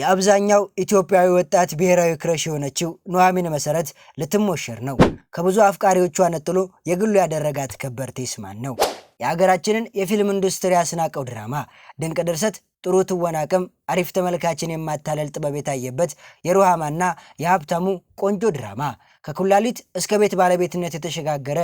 የአብዛኛው ኢትዮጵያዊ ወጣት ብሔራዊ ክረሽ የሆነችው ኑሐሚን መሰረት ልትሞሸር ነው። ከብዙ አፍቃሪዎቿ ነጥሎ የግሉ ያደረጋት ከበርቴ ስማን ነው። የሀገራችንን የፊልም ኢንዱስትሪ አስናቀው ድራማ፣ ድንቅ ድርሰት፣ ጥሩ ትወና አቅም፣ አሪፍ ተመልካችን የማታለል ጥበብ የታየበት የሩሃማና የሀብታሙ ቆንጆ ድራማ ከኩላሊት እስከ ቤት ባለቤትነት የተሸጋገረ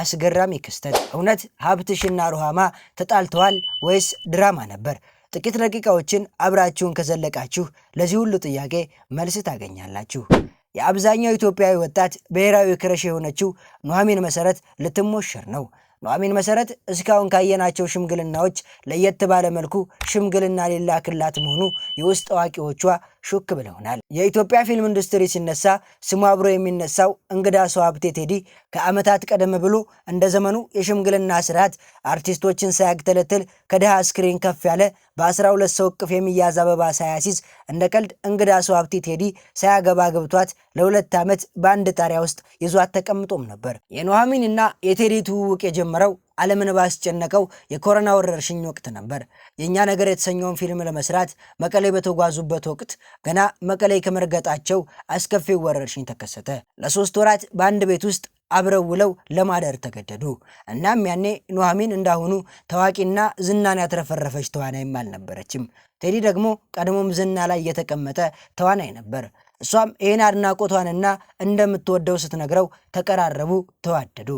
አስገራሚ ክስተት። እውነት ሀብትሽና ሩሃማ ተጣልተዋል ወይስ ድራማ ነበር? ጥቂት ደቂቃዎችን አብራችሁን ከዘለቃችሁ ለዚህ ሁሉ ጥያቄ መልስ ታገኛላችሁ። የአብዛኛው ኢትዮጵያዊ ወጣት ብሔራዊ ክረሽ የሆነችው ኑሐሚን መሰረት ልትሞሸር ነው። ኑሐሚን መሰረት እስካሁን ካየናቸው ሽምግልናዎች ለየት ባለ መልኩ ሽምግልና ሌላ ክላት መሆኑ የውስጥ አዋቂዎቿ ሹክ ብለውናል። የኢትዮጵያ ፊልም ኢንዱስትሪ ሲነሳ ስሙ አብሮ የሚነሳው እንግዳ ሰው ሀብቴ ቴዲ ከዓመታት ቀደም ብሎ እንደ ዘመኑ የሽምግልና ስርዓት አርቲስቶችን ሳያግተለትል ከድሃ ስክሪን ከፍ ያለ በ12 ሰው እቅፍ የሚያዝ አበባ ሳያሲዝ እንደ ቀልድ እንግዳ ሰው ሀብቴ ቴዲ ሳያገባ ገብቷት ለሁለት ዓመት በአንድ ጣሪያ ውስጥ ይዟት ተቀምጦም ነበር። የኑሐሚንና የቴዲ ትውውቅ የጀመረው ዓለምን ባስጨነቀው የኮሮና ወረርሽኝ ወቅት ነበር። የእኛ ነገር የተሰኘውን ፊልም ለመስራት መቀሌ በተጓዙበት ወቅት ገና መቀሌ ከመርገጣቸው አስከፊው ወረርሽኝ ተከሰተ። ለሶስት ወራት በአንድ ቤት ውስጥ አብረው ውለው ለማደር ተገደዱ። እናም ያኔ ኑሐሚን እንዳሁኑ ታዋቂና ዝናን ያትረፈረፈች ተዋናይም አልነበረችም። ቴዲ ደግሞ ቀድሞም ዝና ላይ የተቀመጠ ተዋናይ ነበር። እሷም ይህን አድናቆቷንና እንደምትወደው ስትነግረው ተቀራረቡ፣ ተዋደዱ።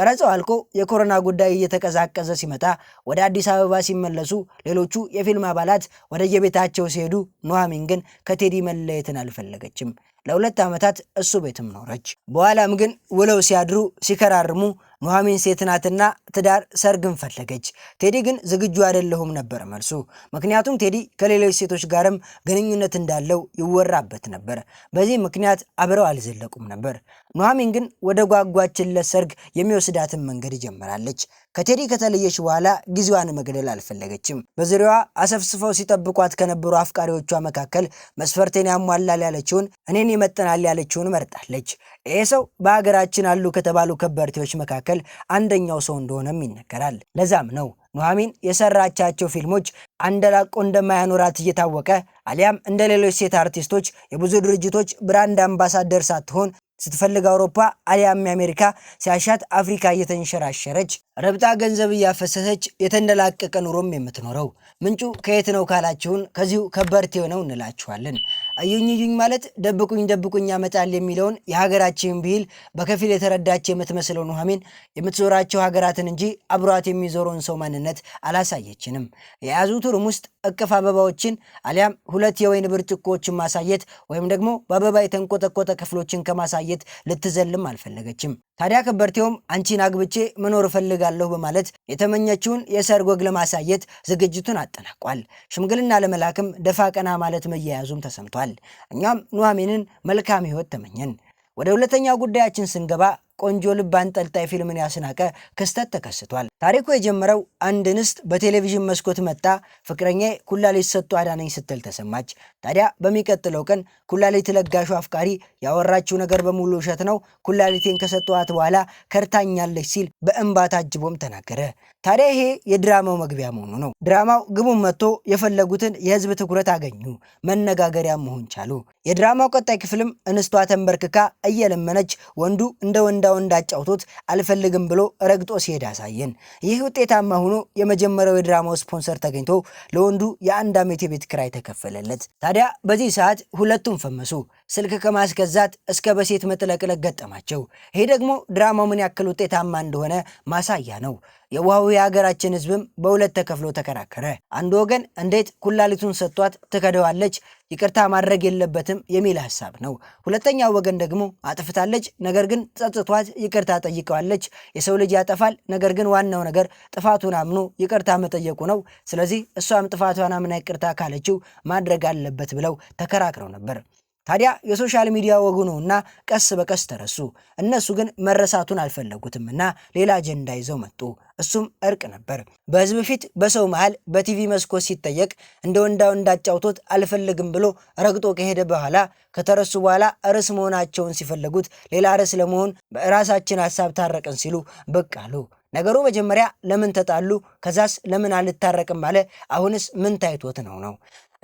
ቀረጸው አልቆ የኮሮና ጉዳይ እየተቀዛቀዘ ሲመጣ ወደ አዲስ አበባ ሲመለሱ ሌሎቹ የፊልም አባላት ወደየቤታቸው ሲሄዱ ኑሐሚን ግን ከቴዲ መለየትን አልፈለገችም። ለሁለት ዓመታት እሱ ቤትም ኖረች። በኋላም ግን ውለው ሲያድሩ ሲከራርሙ ኑሐሚን ሴት ናትና ትዳር ሰርግን ፈለገች። ቴዲ ግን ዝግጁ አይደለሁም ነበር መልሱ። ምክንያቱም ቴዲ ከሌሎች ሴቶች ጋርም ግንኙነት እንዳለው ይወራበት ነበር። በዚህ ምክንያት አብረው አልዘለቁም ነበር። ኑሐሚን ግን ወደ ጓጓችለት ሰርግ የሚወስዳትን መንገድ ጀምራለች። ከቴዲ ከተለየች በኋላ ጊዜዋን መግደል አልፈለገችም። በዙሪያዋ አሰፍስፈው ሲጠብቋት ከነበሩ አፍቃሪዎቿ መካከል መስፈርቴን ያሟላል ያለችውን እኔን ይመጥናል ያለችውን መርጣለች። ይህ ሰው በሀገራችን አሉ ከተባሉ ከበርቴዎች መካከል አንደኛው ሰው እንደሆነም ይነገራል። ለዛም ነው ኑሐሚን የሰራቻቸው ፊልሞች አንደላቆ እንደማያኖራት እየታወቀ አሊያም እንደ ሌሎች ሴት አርቲስቶች የብዙ ድርጅቶች ብራንድ አምባሳደር ሳትሆን ስትፈልግ አውሮፓ አሊያም የአሜሪካ ሲያሻት አፍሪካ እየተንሸራሸረች ረብጣ ገንዘብ እያፈሰሰች የተንደላቀቀ ኑሮም የምትኖረው። ምንጩ ከየት ነው ካላችሁን ከዚሁ ከበርቴው ነው እንላችኋለን። እዩኝ እዩኝ ማለት ደብቁኝ ደብቁኝ ያመጣል የሚለውን የሀገራችን ብሂል በከፊል የተረዳች የምትመስለው ኑሐሚን የምትዞራቸው ሀገራትን እንጂ አብሯት የሚዞረውን ሰው ማንነት አላሳየችንም። የያዙት ሩም ውስጥ እቅፍ አበባዎችን አሊያም ሁለት የወይን ብርጭቆዎችን ማሳየት ወይም ደግሞ በአበባ የተንቆጠቆጠ ክፍሎችን ከማሳየት ልትዘልም አልፈለገችም። ታዲያ ከበርቴውም አንቺን አግብቼ መኖር እፈልጋለሁ በማለት የተመኘችውን የሰርግ ወግ ለማሳየት ዝግጅቱን አጠናቋል። ሽምግልና ለመላክም ደፋ ቀና ማለት መያያዙም ተሰምቷል። ይሆናል። እኛም ኑኃሚንን መልካም ሕይወት ተመኘን። ወደ ሁለተኛው ጉዳያችን ስንገባ ቆንጆ ልብ አንጠልጣይ ፊልምን ያስናቀ ክስተት ተከስቷል። ታሪኩ የጀመረው አንድ እንስት በቴሌቪዥን መስኮት መጣ ፍቅረኛ ኩላሊት ሰጥቶ አዳነኝ ስትል ተሰማች። ታዲያ በሚቀጥለው ቀን ኩላሊት ለጋሹ አፍቃሪ ያወራችው ነገር በሙሉ ውሸት ነው፣ ኩላሊቴን ከሰጠዋት በኋላ ከርታኛለች ሲል በእንባ ታጅቦም ተናገረ። ታዲያ ይሄ የድራማው መግቢያ መሆኑ ነው። ድራማው ግቡን መጥቶ የፈለጉትን የህዝብ ትኩረት አገኙ፣ መነጋገሪያ መሆን ቻሉ። የድራማው ቀጣይ ክፍልም እንስቷ ተንበርክካ እየለመነች ወንዱ እንደ ወንዳ በረንዳውን እንዳጫውቱት አልፈልግም ብሎ ረግጦ ሲሄድ አሳየን። ይህ ውጤታማ ሆኖ የመጀመሪያው የድራማው ስፖንሰር ተገኝቶ ለወንዱ የአንድ ዓመት የቤት ክራይ ተከፈለለት። ታዲያ በዚህ ሰዓት ሁለቱም ፈመሱ። ስልክ ከማስገዛት እስከ በሴት መጥለቅለቅ ገጠማቸው። ይሄ ደግሞ ድራማው ምን ያክል ውጤታማ እንደሆነ ማሳያ ነው። የውሃው የሀገራችን ህዝብም በሁለት ተከፍሎ ተከራከረ። አንዱ ወገን እንዴት ኩላሊቱን ሰጥቷት ትከደዋለች፣ ይቅርታ ማድረግ የለበትም የሚል ሀሳብ ነው። ሁለተኛው ወገን ደግሞ አጥፍታለች፣ ነገር ግን ጸጽቷት ይቅርታ ጠይቀዋለች። የሰው ልጅ ያጠፋል፣ ነገር ግን ዋናው ነገር ጥፋቱን አምኖ ይቅርታ መጠየቁ ነው። ስለዚህ እሷም ጥፋቷን አምና ይቅርታ ካለችው ማድረግ አለበት ብለው ተከራክረው ነበር። ታዲያ የሶሻል ሚዲያ ወጉ ነው እና ቀስ በቀስ ተረሱ። እነሱ ግን መረሳቱን አልፈለጉትም እና ሌላ አጀንዳ ይዘው መጡ። እሱም እርቅ ነበር። በህዝብ ፊት በሰው መሃል በቲቪ መስኮት ሲጠየቅ እንደ ወንዳው እንዳጫውቶት አልፈልግም ብሎ ረግጦ ከሄደ በኋላ ከተረሱ በኋላ ርዕስ መሆናቸውን ሲፈለጉት ሌላ ርዕስ ለመሆን በራሳችን ሀሳብ ታረቅን ሲሉ ብቅ አሉ። ነገሩ መጀመሪያ ለምን ተጣሉ? ከዛስ ለምን አልታረቅም አለ። አሁንስ ምን ታይቶት ነው ነው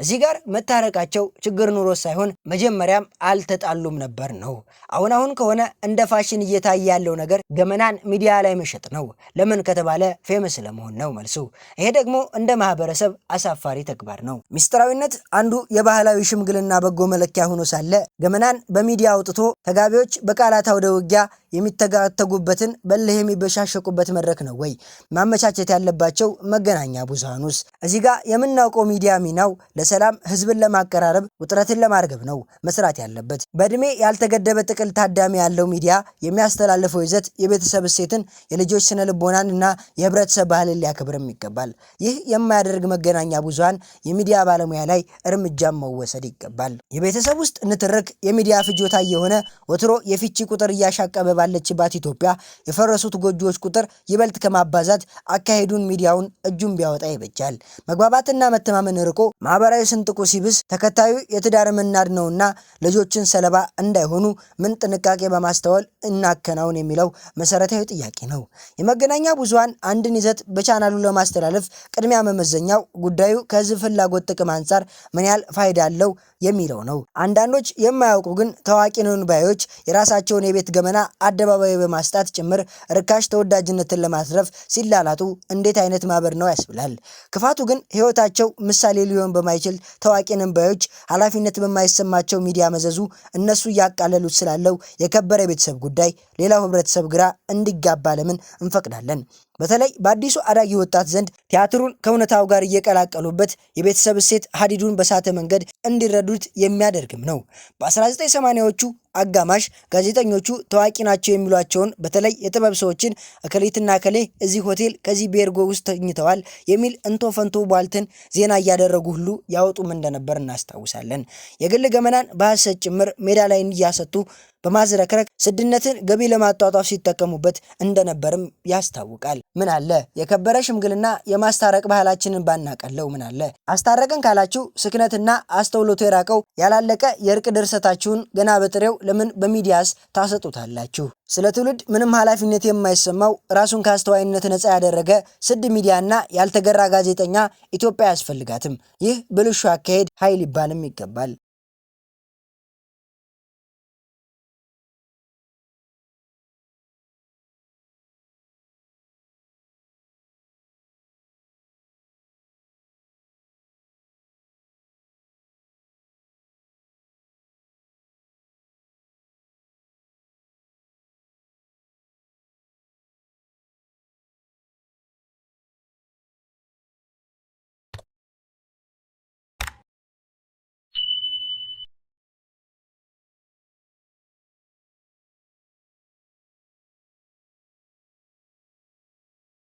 እዚህ ጋር መታረቃቸው ችግር ኑሮ ሳይሆን መጀመሪያም አልተጣሉም ነበር ነው። አሁን አሁን ከሆነ እንደ ፋሽን እየታየ ያለው ነገር ገመናን ሚዲያ ላይ መሸጥ ነው። ለምን ከተባለ ፌመስ ለመሆን ነው መልሱ። ይሄ ደግሞ እንደ ማህበረሰብ አሳፋሪ ተግባር ነው። ሚስጥራዊነት አንዱ የባህላዊ ሽምግልና በጎ መለኪያ ሆኖ ሳለ ገመናን በሚዲያ አውጥቶ ተጋቢዎች በቃላት አውደ ውጊያ የሚተጋተጉበትን በልህ የሚበሻሸቁበት መድረክ ነው ወይ ማመቻቸት ያለባቸው መገናኛ ብዙሃኑስ? እዚህ ጋ የምናውቀው ሚዲያ ሚናው ለሰላም ህዝብን ለማቀራረብ ውጥረትን ለማርገብ ነው መስራት ያለበት። በእድሜ ያልተገደበ ጥቅል ታዳሚ ያለው ሚዲያ የሚያስተላልፈው ይዘት የቤተሰብ እሴትን፣ የልጆች ስነ ልቦናን እና የህብረተሰብ ባህልን ሊያከብርም ይገባል። ይህ የማያደርግ መገናኛ ብዙሃን የሚዲያ ባለሙያ ላይ እርምጃም መወሰድ ይገባል። የቤተሰብ ውስጥ ንትርክ የሚዲያ ፍጆታ እየሆነ ወትሮ የፊቺ ቁጥር እያሻቀበ ባለችባት ኢትዮጵያ የፈረሱት ጎጆዎች ቁጥር ይበልጥ ከማባዛት አካሄዱን ሚዲያውን እጁን ቢያወጣ ይበጃል። መግባባትና መተማመን ርቆ ማህበራዊ ስንጥቁ ሲብስ ተከታዩ የትዳር መናድ ነውና ልጆችን ሰለባ እንዳይሆኑ ምን ጥንቃቄ በማስተዋል እናከናውን የሚለው መሰረታዊ ጥያቄ ነው። የመገናኛ ብዙሃን አንድን ይዘት በቻናሉ ለማስተላለፍ ቅድሚያ መመዘኛው ጉዳዩ ከህዝብ ፍላጎት ጥቅም አንጻር ምን ያህል ፋይዳ አለው የሚለው ነው። አንዳንዶች የማያውቁ ግን ታዋቂ ነን ባዮች የራሳቸውን የቤት ገመና አደባባይ በማስጣት ጭምር ርካሽ ተወዳጅነትን ለማትረፍ ሲላላቱ እንዴት አይነት ማበር ነው ያስብላል። ክፋቱ ግን ህይወታቸው ምሳሌ ሊሆን በማይችል ታዋቂ ነንባዮች ኃላፊነት በማይሰማቸው ሚዲያ መዘዙ እነሱ እያቃለሉት ስላለው የከበረ የቤተሰብ ጉዳይ ሌላው ህብረተሰብ ግራ እንዲጋባ ለምን እንፈቅዳለን? በተለይ በአዲሱ አዳጊ ወጣት ዘንድ ቲያትሩን ከእውነታው ጋር እየቀላቀሉበት የቤተሰብ እሴት ሀዲዱን በሳተ መንገድ እንዲረዱት የሚያደርግም ነው። በ1980ዎቹ አጋማሽ ጋዜጠኞቹ ታዋቂ ናቸው የሚሏቸውን በተለይ የጥበብ ሰዎችን እከሌትና እከሌ እዚህ ሆቴል ከዚህ ቤርጎ ውስጥ ተኝተዋል የሚል እንቶ ፈንቶ ቧልትን ዜና እያደረጉ ሁሉ ያወጡም እንደነበር እናስታውሳለን። የግል ገመናን በሐሰት ጭምር ሜዳ ላይ እያሰጡ በማዝረክረክ ስድነትን ገቢ ለማጧጧፍ ሲጠቀሙበት እንደነበርም ያስታውቃል። ምን አለ የከበረ ሽምግልና የማስታረቅ ባህላችንን ባናቀለው። ምን አለ አስታረቀን ካላችሁ ስክነትና አስተውሎቱ የራቀው ያላለቀ የእርቅ ድርሰታችሁን ገና በጥሬው ለምን በሚዲያስ ታሰጡታላችሁ? ስለ ትውልድ ምንም ኃላፊነት የማይሰማው ራሱን ከአስተዋይነት ነፃ ያደረገ ስድ ሚዲያና ያልተገራ ጋዜጠኛ ኢትዮጵያ አያስፈልጋትም። ይህ ብልሹ አካሄድ ኃይል ይባልም ይገባል።